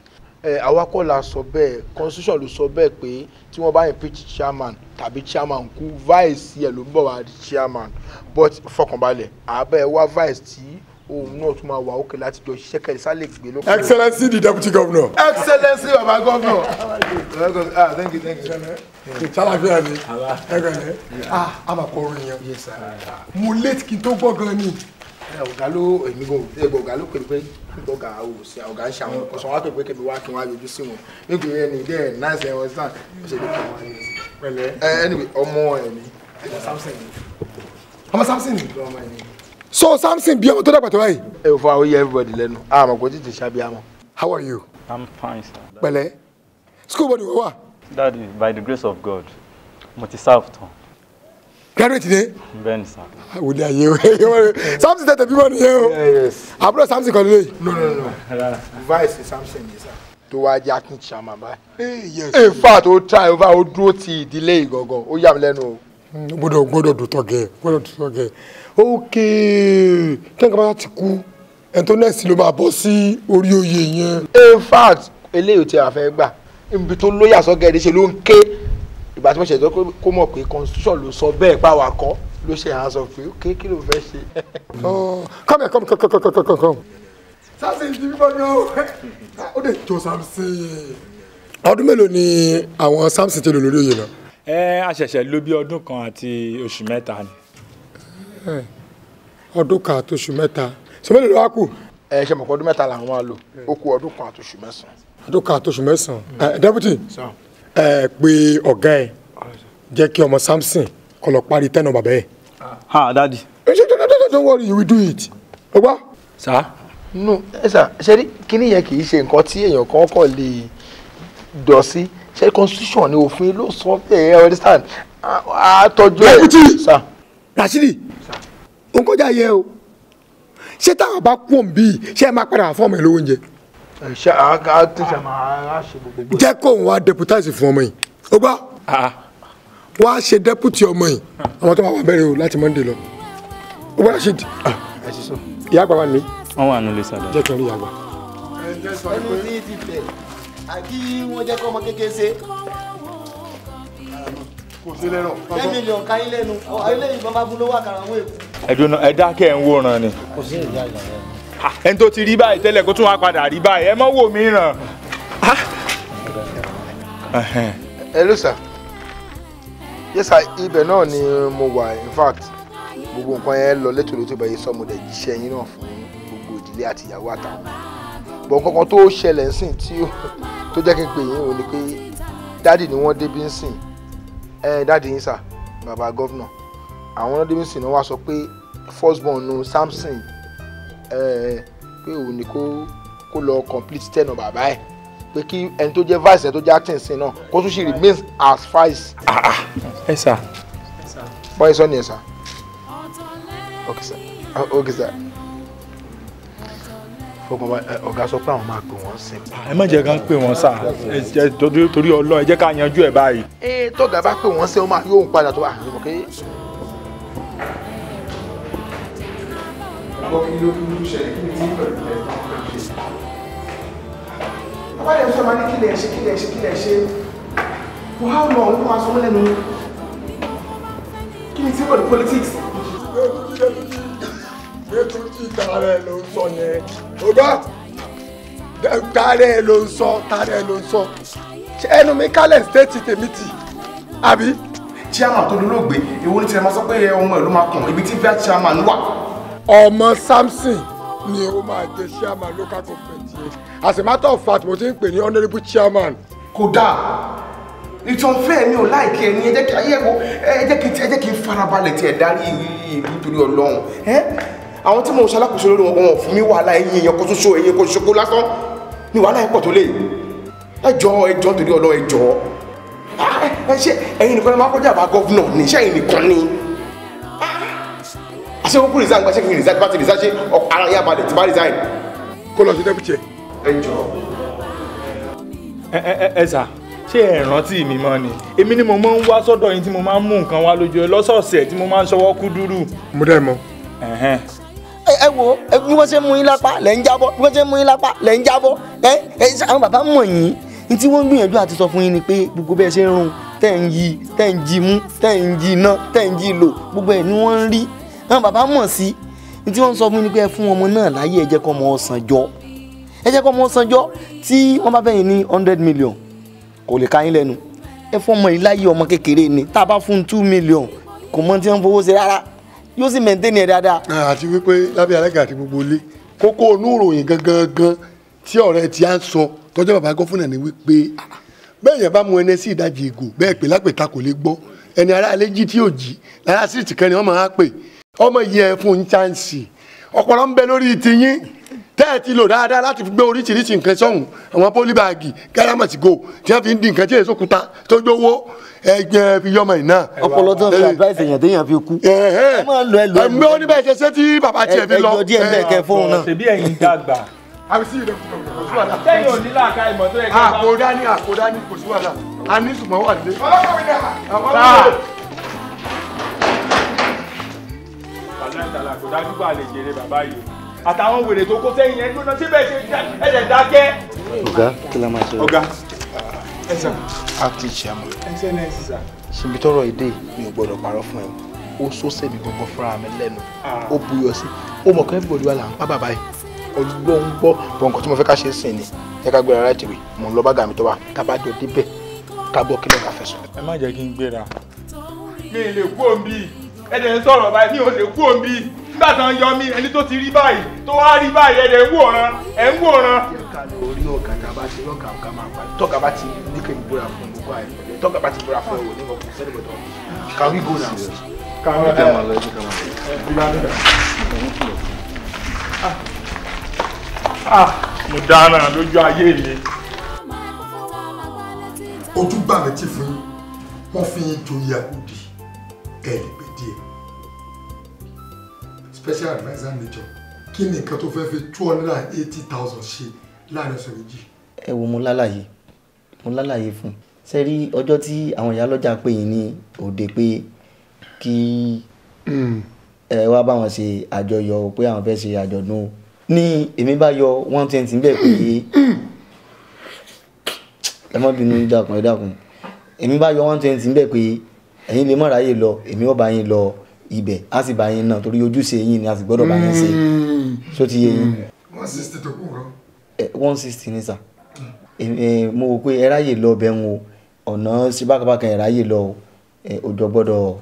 ẹ̀ àwa kọ́ la sọ bẹ́ẹ̀ constitution ló sọ bẹ́ẹ̀ pé tí wọ́n bá impeach chairman tàbí chairman kú vice yẹ ló ń bọ̀ wá chairman but fọkànbalẹ̀ àbẹ̀ vice tí òun náà tún máa wà òkè láti jọ ṣiṣẹ́ kẹrìsà lè gbé lókè. excellency the deputy governor. excellency baba governor. ah thank you thank you. ṣàlàfíà ni ẹgbẹ̀rún ah a máa kọ orin yẹn. mo late kí n tó gbọ́ gan ni. ọ̀gá ló èmi gan ẹgbẹ́ ọ̀gá ló pèlú pé ọ̀gá ò sí ọ̀gá ń ṣe àwọn ọ̀sán wa pèpè kẹ́mi wá kí wọ́n á yọjú sí wọn nígbèrè ẹni dẹ́ náìsẹ̀ wọn sàn ṣe lè kọ́ wọn pẹ̀lẹ́ anyway ọmọ ẹ̀mí ọmọ Samson ni. ọmọ Samson ni so samson bí ọmọ tó dàgbà tó báyìí. ẹ ò fọ àwọn yẹ everybody lẹ́nu àmọ́ kò tètè ṣàbí àmọ́. how are you. i'm fine sir. pẹ̀lẹ́ school body wà. Daddy, by the grace of god mo ti serve tán. graduate de. bẹ́ẹ̀ni sir. àwòlẹ̀ ayé o samson tètè bímọ nìyẹn o àbúrò samson kan lè. no no no vice samson yìí sir tó wá jẹ́ akin chama báyìí. in fact ó try over ó dúró ti ìdílé ìgangan ó yà mí lẹ́nu o. Mm, gbọ́dọ̀ gbọ́dọ̀ dùtọ gẹ gbọ́dọ̀ dùtọ gẹ ókè tẹ́ǹkan bá ti kú ẹni tó nẹ́ẹ̀sì ló máa bọ́ sí orí oyè yẹn. in fact eléyìí tí a fẹ́ gbà ibi tó lóyà sọ́gẹ̀dẹ̀ ṣe ló ń ké ìgbà tí wọ́n ṣẹ̀dọ́ kó mọ̀ pé constitution ló sọ bẹ́ẹ̀ pàwọ́ akọ́ ló ṣe àwọn sọ pé ókè kí ló fẹ́ ṣe. Oh, come come come come come come come. sáfì ti bíbọ náà ó lè jọ samson. ọdún mélòó ni àwọn samson ti lò lórí oyè náà. ẹ eh, a ṣẹ̀ṣẹ̀ lò bí ọdún kan àti oṣù mẹ́ta ni. Eh, ọdún kan àtòṣù mẹ́ta sọmọlẹ ló wá kù. ẹ ṣe mọ̀kọ́ ọdún mẹ́ta làwọn máa lò ó kù ọdún kan àtòṣù mẹ́sàn-án. ọdún kan àtòṣù mẹ́sàn-án ẹ dẹ́pútì ẹ pé ọ̀gá ẹ jẹ́ kí ọmọ Samson kó lọ parí tẹ́nu bàbá ẹ̀. ha dadi. ẹ ṣe don't don't don't worry you will do it. ọgbà. sa. no ẹ sà ṣe rí kíní yẹn kì í ṣe nǹkan tí èèyàn kan kọ̀ lè dọ̀ sí ṣe constitution ni òfin ló sọ bẹ́ẹ̀ ẹ understand àtọ́jú ẹ̀. dẹ́pútì. sa. Rashidi ó ń kọjá yẹ o ṣé táwọn bá kú òun bíi ṣé ẹ máa padà fọ́ọ̀mù ẹ lówó oúnjẹ. ṣe àá ti ṣe a ṣe gbogbo. jẹ́ kó òun wá deputize fún ọmọ yìí ó gbọ́ wá ṣe deputy ọmọ yìí àwọn tó wà wà bẹ̀rẹ̀ o láti Monday lọ ó gbọ́ Rashid ìyá àgbà wà ní. wọ́n wà nílé sábà. jẹ́ kí n rí àgbà. ẹnu ní ti tẹ̀ àbí wọ́n jẹ́ kọ́ ọmọ kékeré ṣe kò sí lẹ́rọ̀. ten million ka ilé nu ilé yìí bàbá bú ló wà èkó. ẹ̀dùn náà kẹ́ ń wòran ni. kò tó ti rí báyìí tẹ́lẹ̀ kó tún wá padà rí báyìí ẹ mọ́ wò mí ràn. hello sir yes sir ibẹ̀ náà ni mo wà in fact gbogbo nǹkan yẹn lọ létòlétò bẹ́ẹ̀ sọ mo dẹ̀ jíṣẹ́ yín náà fún gbogbo ìdílé àti ìyàwó àtàwọn bọ̀ kankan tó ṣẹlẹ̀ ń sìn tí tó jẹ́ kí n pè yín òun ni pé dáàdì ni wọ́n débí ń ẹ dáàdi yín sà bàbá gọ́vnà àwọn ọlọ́dẹ́mísìn náà wá sọ pé first born nu Samson pé òun ni kó kó lọ complete ten ọ bàbá ẹ pé kí ẹni tó jẹ vice ẹ tó jẹ acting sin náà kó tún ṣe remains as vice. Ah, ah. ẹ sà. bọ́ọ̀ ẹ sọ ni ẹ sà. ok sir. Ah, okay, sir ọ̀gá sọ pé àwọn máa pè wọ́n sí. ẹ má jẹ́ ká ń pè wọ́n sà torí ọlọ́ ẹ jẹ́ ká yanjú ẹ̀ báyìí. ee tọ́gà bá pè wọ́n sí ọ máa yóò padà tó wà lóko kí ló ń ṣẹlẹ̀ kí ni tí pẹ̀lú ẹ̀ bá lè sọ máa ní kílẹ̀ ṣe kílẹ̀ ṣe kílẹ̀ ṣe for how long ló máa sọ wọ́n lẹ́nu kí ni tí pẹ̀lú politics. ètò ìta rẹ̀ ló ń sọ yẹn o gbọ́ tààrẹ ló ń sọ tààrẹ ló ń sọ ẹnu mi kálẹ̀ stéètì tèmi tì àbí. chairman tó dolóògbé èwo ni tiẹ̀ máa sọ pé ọmọ ẹ̀ ló máa kàn ibi tí bíi chairman wà. ọmọ Samson ni ó máa jẹ chairman local government yẹn as a matter of fact mo ti ń pè ní honourable chairman. kódà ìtàn fẹ́ẹ̀ mi ò láìkí ẹni ẹ jẹ́ kí ayé wo ẹ jẹ́ kí ẹ jẹ́ kí farabalẹ̀ tiẹ̀ darí ìlú torí ọlọ́run àwọn tí mo ń ṣalákòóso lórí wọn wọn fún mi wàhálà ẹyin èèyàn kan ṣoṣo ẹyin kan ṣoṣo lásán ni wàhálà ẹ pọ̀ tó lè ẹjọ́ ẹjọ́ torí ọlọ́ ẹjọ́ ah, ṣé ẹyin nìkan máa kọjá àbá gọ́vnà ní ṣé ẹyin nìkan ni ah, ah. àṣẹ òkú resign gba ṣé kí n resign bá ti resign ṣe ara yá balẹ̀ ti bá resign. kó lọ sí dẹ́kùtì ẹ. ẹjọ́. ẹ ẹ ẹ sà ṣé ẹ rántí mi mọ́ ni èmi ni mo máa ń wá sọ́dọ̀ yín tí mo máa ń mú nǹkan wá lójú ẹ lọ́sọ̀ọ̀sẹ̀ tí mo máa ń ṣọwọ́ kú dúró. mo dẹ́ mọ ẹ wo bí wọ́n ṣe mú yín lápá lẹ́ ń jábọ́ bí wọ́n ṣe mú yín lápá lẹ́ ń jábọ́ ẹ ẹ àwọn bàbá mọ̀ yín ní tí wọ́n gbìyànjú àti sọ fún yín ni pé gbogbo bẹ́ẹ̀ ṣe ń rún tẹ̀ ń yí tẹ̀ ń jí mú tẹ̀ ń jí iná tẹ̀ ń jí lò gbogbo ẹ̀ ni wọ́n ń rí àwọn bàbá mọ̀ sí ní tí wọ́n ń sọ fún yín ni pé ẹ fún ọmọ náà láyé ẹ jẹ́ kọ́ ọmọ ọ̀sán jọ ẹ jẹ́ kọ́ ọmọ ọ̀sán jọ tí wọ́n bá bẹ̀yìn ní hundred million kò lè ka yín lẹ́nu ẹ fún ọmọ yìí láyé ọmọ kékeré ni tá a bá fún two million kò mọ tí wọ́n fowó ṣe rárá yóò sì maintain ẹ̀ dáadáa. Ah, àti wípé lábẹ́ alága àti gbogbo ilé kókó inú gangan gan tí ọ̀rẹ́ ti á ń sọ tọ́jú bàbá gọ́fúnà ni wípé bẹ́ẹ̀ yẹn bá mú ẹni sí ìdajì ègò bẹ́ẹ̀ pé lápẹ̀ta kò lè gbọ́ ẹni ará jí tí ò jí lára síìtì pè ọmọ fún chánsì ń tẹ́ ẹ ti lò dáadáa láti fi gbé oríṣiríṣi nǹkan sọ́hùn àwọn pólíbàgì gárámàtì go tí wọ́n fi ń di nǹkan tí èso kuta tó gbówó ẹgbẹ́ fi yọmọ iná. ọpọlọ tó ń fi advice èèyàn téèyàn fi kú. ẹ máa ń lo ẹlò ẹlò ẹgbẹ́ oníbẹ̀ ṣe ṣé tí bàbá tiẹ̀ fi lọ. ẹjọ díẹ̀ bẹ́ẹ̀ kẹ fóun náà. ṣèbí ẹ̀yin dàgbà. sẹ́yìn ò ní làákà ìmọ̀ tó yẹ kí n bá. àkódá ní àkódá ní kò sí wàhálà a ní sùnmọ́ wà lé. ọlọ́kọ̀ mi dà àtàwọn wèrè tó kó sẹ́yìn yẹn gbóná síbẹ̀ ṣe ẹ̀jẹ̀ dákẹ́. ọ̀gá kí la máa ṣe. ọ̀gá ẹ sà acting chairman. excellence sà. ṣèbí tọrọ èdè mi ò gbọ́dọ̀ parọ́ fún ẹ o sọ sẹbi gbogbo fúnra mi lẹ́nu o ah. buyọ sí o mọ kẹfì bọdú wa là ń pa bàbá yìí ọgbọ́n ń gbọ́ bọ̀ nǹkan tí mo fẹ́ ká ṣe sìn ni ẹ ká gbéra láti wì mò ń lọ bá gàmí tó wà ká bá jọ débẹ̀ ká gbọ́ kílẹ̀ ká fẹ̀sùn. ẹ má jẹ́ kí n gbéra mi lè kú òǹbí ẹ̀ dẹ̀ sọ̀rọ̀ báyìí mi ò lè kú òǹbí nígbà tó ń yọ mí ẹni tó ti rí báyìí tó wá rí báyìí ẹ̀ ń wòran ẹ̀ ń wòran. orí ọ̀gá tá a bá ti lọ́gàá ọ̀gá máa pa tọ́gà bá ti ní kí fún gbogbo àìmọ̀lẹ́ tọ́gà bá ti búra fún ẹ̀wọ̀ nígbà kò sẹ́ni bọ̀dọ̀ can we go now. can we go now. Ah, mo dáná lójú ayé mi. ojú gbà mí ti fún yín wọ́n fi yín joyè àkùdì ẹ̀ lè gbé special adviser nature kí ni nǹkan tó fẹ́ fi two hundred and eighty thousand ṣe láàrin ọ̀sẹ̀ méjì. ẹ wo mo lálàyé mo lálàyé fún un ṣe rí ọjọ́ tí àwọn ìyálọ́jà pè yín ní òde pé kí hmm. ẹ wá bá wọn ṣe àjọyọ̀ pé àwọn fẹ́ ṣe àjọ̀dún o ní èmi bá yọ one twenty bẹ́ẹ̀ pé ẹ má bínú dákun ẹ dákun èmi bá yọ one twenty bẹ́ẹ̀ pé ẹ̀yin lè má lọ èmi ó yín lọ ibẹ̀ á sì bá yín náà torí ojúṣe yín ni a sì gbọ́dọ̀ bá yín ṣe mm. ṣó ti yé yín. one sixty tó kù kan. Eh, one sixty ni sà eh, mo wò pé ẹ ráyè lọ bẹ̀ ń wo ọ̀nà ṣe bákàbákà ẹ ráyè lọ eh, òjò gbọ́dọ̀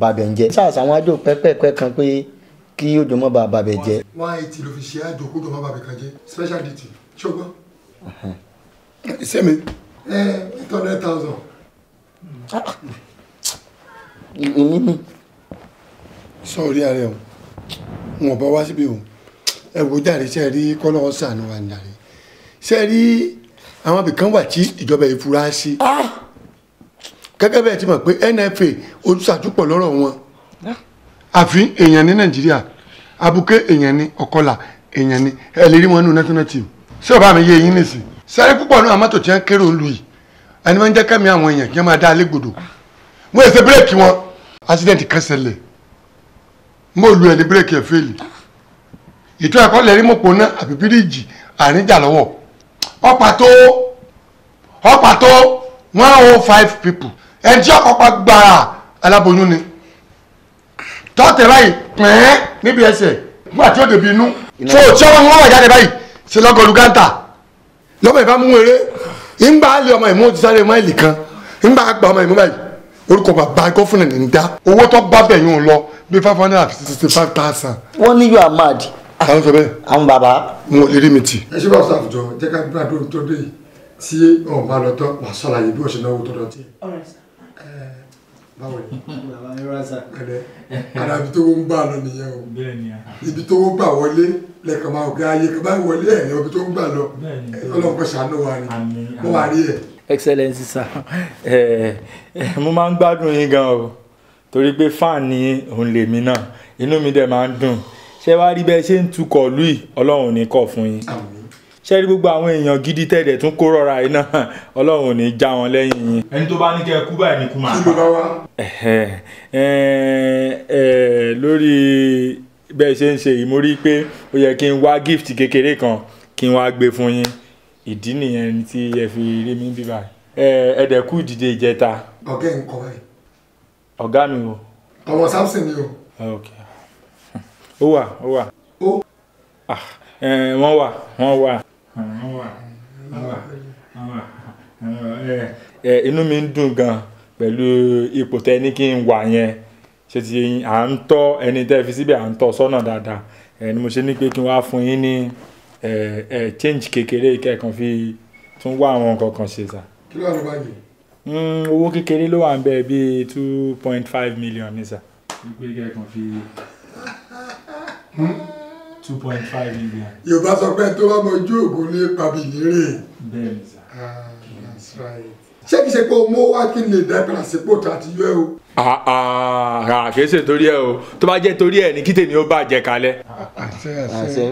bàbẹ̀ ń jẹ́. sars àwọn àjò pẹ́pẹ́pẹ́ kan pé kí òjò mọ́ bá bàbẹ̀ jẹ́. one eighty ló fi ṣe àjò kó jọ mọ́ bàbẹ̀ kan jẹ́ special duty ṣọgbọ́n. sẹ́mi ẹ eight hundred thousand. Ah, ah. ìní ni sọ orí ara ẹ̀ o wọn bá wá síbi o ẹ wo jàre ṣe rí kọ́lọ́wọ́ sànù wa jàre ṣe rí àwọn ibìkan wà tí ìjọba ìfura sí ah! gẹ́gẹ́ bẹ́ẹ̀ ti mọ̀ pé NFA ojúṣàtúpọ̀ lọ́rọ̀ wọn ah! àfi èèyàn ní Nàìjíríà abuké èèyàn ní ọ̀kọ́là èèyàn ní ẹ lè rí wọn nínú national team ṣé ọba mi yé eyín nìsín sáré púpọ̀ náà mọ́tò tí wọ́n kéré olú yìí ẹni máa ń jẹ́ kẹ́mi àwọn èèyàn kí wọ́n máa dá alẹ́ gbòdò ah! wọ́n èsè bírèkì wọn accident kan ṣẹlẹ̀ mo lu ẹni bírèkì ẹ̀ fẹ́ẹ̀lì ìtọ́ ẹ̀kọ́ lẹ́rí mọ̀ pọ̀ náà àbí bíríìjì àríjà lọ́wọ́ ọ̀pá tó ọ̀pá tó one oh five people ẹni tí ọkọ̀ pa gbàrà aláboyún ni tọ́tẹ̀ báyìí pẹ́ẹ́n níbi ẹsẹ̀ nígbà tí ó dèbí inú tó tí ọmọ wọn wà jáde báyìí ṣe lọ́gọ̀ọ́lù gáńtà lọ́mọ ìbámu eré ńgbà á lé ọmọ ìmú ti sáré máìlì kan ńgbà á gba ọmọ ìmú báyìí orúkọ bàbá gọ́fúnà ní dá owó tó bá bẹ̀ yín lọ bí five hundred and sixty five thousand. wọ́n ní you are mad. àwọn sọ bẹ́ẹ̀. àwọn bàbá. n ò lè rí mi tì. ẹ ṣe bá ọsàn àwùjọ jẹ ká bí adó tó dé yìí tí ọ̀n bá lọ tán wàá ṣàlàyé bí wọ́n ṣe náwó tó lọ báwo ni. bàbá ara ibi tó ń gbà lọ nìyẹn o. a. ibi tó ń gbà wọlé lẹ́ẹ̀kan máa gbé ayé kan bá wọlé ẹ̀ ní ibi tó ń gbà lọ. ọlọ́run kò ṣàánú wa ni. àmín àmín. rí ẹ̀ excellence sir eh, eh, mo máa ń gbádùn yín gan o torí pé fan ni òun lèmi náà inú mi dẹ̀ máa ń dùn ṣé wàá rí bẹ́ẹ̀ ṣe ń tukọ̀ lùí ọlọ́run ní kọ̀ fún yín ṣé rí gbogbo àwọn èèyàn gidi tẹ̀dẹ̀ tún kó rọra yìí náà ọlọ́run ní já wọn lẹ́yìn yín. ẹni tó bá ní kẹ́ ẹ kú báyìí ni kú máa pa. Eh, lórí bẹ́ẹ̀ ṣe ń ṣe yìí mo rí i pé ó yẹ kí n wá gift kékeré kan kí n wá gbé fún yín ìdí nìyẹn tí ẹ fi rí mi bí báyìí ẹ dẹ̀ kú ìdìde ìjẹta. ọ̀gá ẹ̀ ń kọ́ ẹ̀. ọ̀gá mi o. ọmọ samson ni o. ok ó wà ó wà. ó. Ah, wọ́n wà wọ́n wà. wọ́n wà wọ́n wà wọ́n wà. inú mi ń dùn gan pẹ̀lú ipò tẹ ní kí n wà yẹn ṣe ti à ń tọ́ ẹni tẹ́ fi síbẹ̀ à ń tọ́ sọ́nà dáadáa ẹ̀ mo ṣe ní pé kí n wá fún yín ní ẹ ẹ change kékeré kẹ́ẹ̀kan fi tún wá àwọn nǹkan kan ṣe sà. kí ló wà lọ́wọ́ yìí. Hmm, owó kékeré ló wà ń bẹ bíi two point five million ní sà. wípé kẹ́ẹ̀kan fi hmm, two point five million. yorùbá sọ pé tó bá mọ ojú ògùn ní pàbílírè. bẹ́ẹ̀ni sà. ah that's right ṣé kìí ṣe pé o mú wá kí n lè dá padà sípò tá a ti yọ ẹ o. àà ah, ah, ah, kìí ṣe torí ẹ o tó bá jẹ́ torí ẹ ní kí tèmi ó bàjẹ́ kalẹ̀. àṣẹ àṣẹ.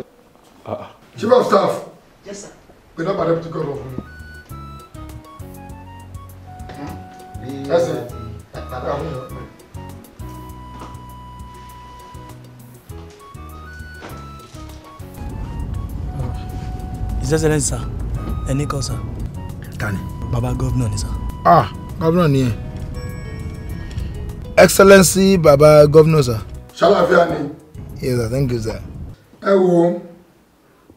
Chief of Staff. Yes, sir. Pe nọ́mbà deputy governor fún mi. Ẹ ṣe. His Excellency sir, Any call, sir. Tani. Baba governor sir. Ah, governor ni e. Excellency Baba governor sir. Shall I Ṣàlàfíà ni. Yes sir, thank you sir. Ẹ wo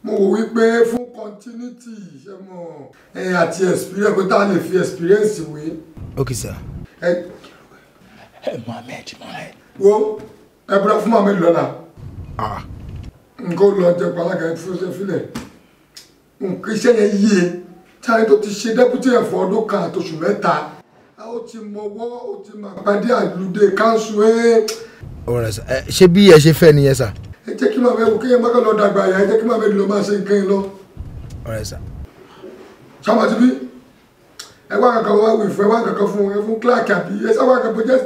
mo wò wípé fún continuity ṣe mọ ẹ àti experience pé tá a lè fi experience wé. ok sir. ẹ ẹ mohammed mohammed. wo ẹ bọ́dá fún mohammed lọ́la. Ah. nǹkan lọ jẹ pàlágà ẹ fún ṣe fílẹ̀ nǹkan iṣẹ́ yẹn yíye táyé tó ti ṣe dẹ́pútì ẹ̀fọ́ ọdún kan àtòṣù mẹ́ta ó ti mọwọ́ ó ti máa pàdé àlùdé káńsù ẹ̀. ọ̀rẹ́ ṣé bí ẹ ṣe fẹ́ nìyẹn sà ẹ jẹ́ kí màmá ẹ̀wù kéèyàn má kàn lọ dàgbà àyà ẹ jẹ́ kí màmá ẹ̀dùn lọ máa ṣe nǹkan yìí lọ. ọ̀rẹ́ sà. sábà ti bí ẹ wá kankan wá wí fún ẹ wá kankan fún ẹ fún clark àbí ẹ sábà kankan fún ẹ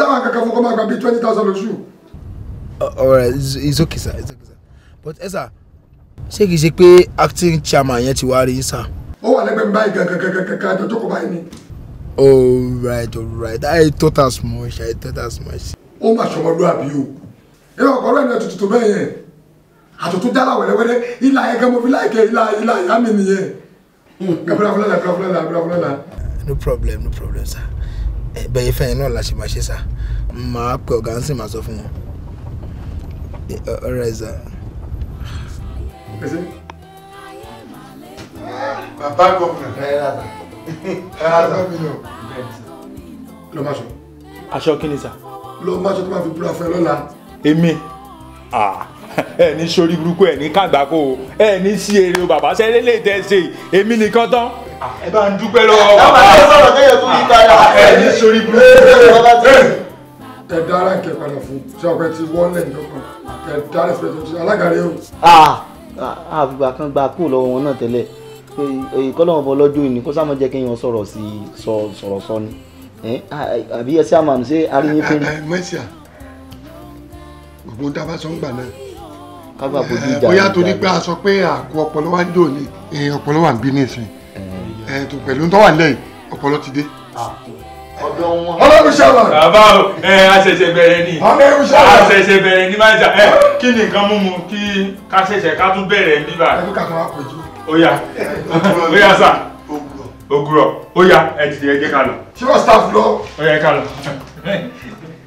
sábà kankan fún kọ́ máa bíi twenty thousand lóṣù. ọ̀rẹ́ uh, it's okay sir it's sir but ẹ eh, sà ṣé kìí ṣe pé acting chairman yẹn ti wá rí sà. ó wà lẹ́gbẹ̀ẹ́ mi báyìí gàgàgàgàgà àjọjọ́ kò báyìí ni. all i thought as much i thought as much. ó mà ṣọmọlúwàbí o ẹ ọkọ rẹ ní ẹtùtù bẹ́ẹ̀ yẹn àtùtù jálá wẹ̀rẹ̀wẹ̀rẹ̀ ilà yẹn gẹ́gẹ́ mo fi láìkẹ́ ilà ilà ìyá mi nìyẹn gàbúrà fúlẹ̀lá gàbúrà fúlẹ̀lá gàbúrà fúlẹ̀lá. no problem no problem sir ẹ bẹ́ẹ̀ fẹ́ yẹn náà la ṣe máa ṣe sá máa pè ọ̀gá ń sì máa sọ fún wọn ọ̀rẹ́ sá. bàbá gọ́ọ̀nà ẹ rà sá ẹ rà sá lọ́ọ́ sọ. aṣọ kí ni sá. lọ́ọ́ sọ tó máa fi búra fún ẹ lọ́la èmi ẹ ní sori burúkú ẹ ní kàgbákò ẹ ní sí eré o bàbá ṣe lè tẹ ṣe èmi nìkan tán. ẹ bá ń dúpẹ́ lọ́wọ́. bàbá yóò sọ̀rọ̀ kéèyàn tó yí padà. ẹ ní sori burúkú. ẹ dára kẹ padà fún ṣé ọpẹ ti wọlé nìkan ẹ dára ìfẹ́ tuntun alágàrí o. àfìgbà kan gba kú lọ́wọ́ wọn náà tẹ́lẹ̀ èyí kọ́ lọ́wọ́ bọ́ lọ́jọ́ ìní kó sáà jẹ́ kéèyàn sọ̀rọ̀ sí sọ̀rọ̀ sọ ni àbí ẹ sí àmàmì ṣé aríyìn fẹ́ẹ́ gbogbo ń dábàá sọ́ngbà náà. kágbà bójú ìjà eh, bóyá torí pé a sọ pé àkó ọpọlọ wa ń jò ní eh. Eh, ọpọlọ wa ń bí ní ìsìn tó pẹ̀lú tó wà lẹ́yìn ọpọlọ ti dé. Ah. ọ̀dọ̀ bàbá o ẹ àṣẹ̀ṣẹ̀ bẹ̀rẹ̀ ni àṣẹ̀ṣẹ̀ bẹ̀rẹ̀ ni máa ń jà ẹ kí ni nǹkan mú mu kí ká ṣẹ̀ṣẹ̀ ká tún bẹ̀rẹ̀ bíbà. ẹ bí kàtàwá pọ̀ jù. ó yá ó yá sà ògùrọ̀ ó yá ẹ ti ẹ jẹ́ ká lọ. ṣé wọ́n staff lọ. ó yá ká lọ.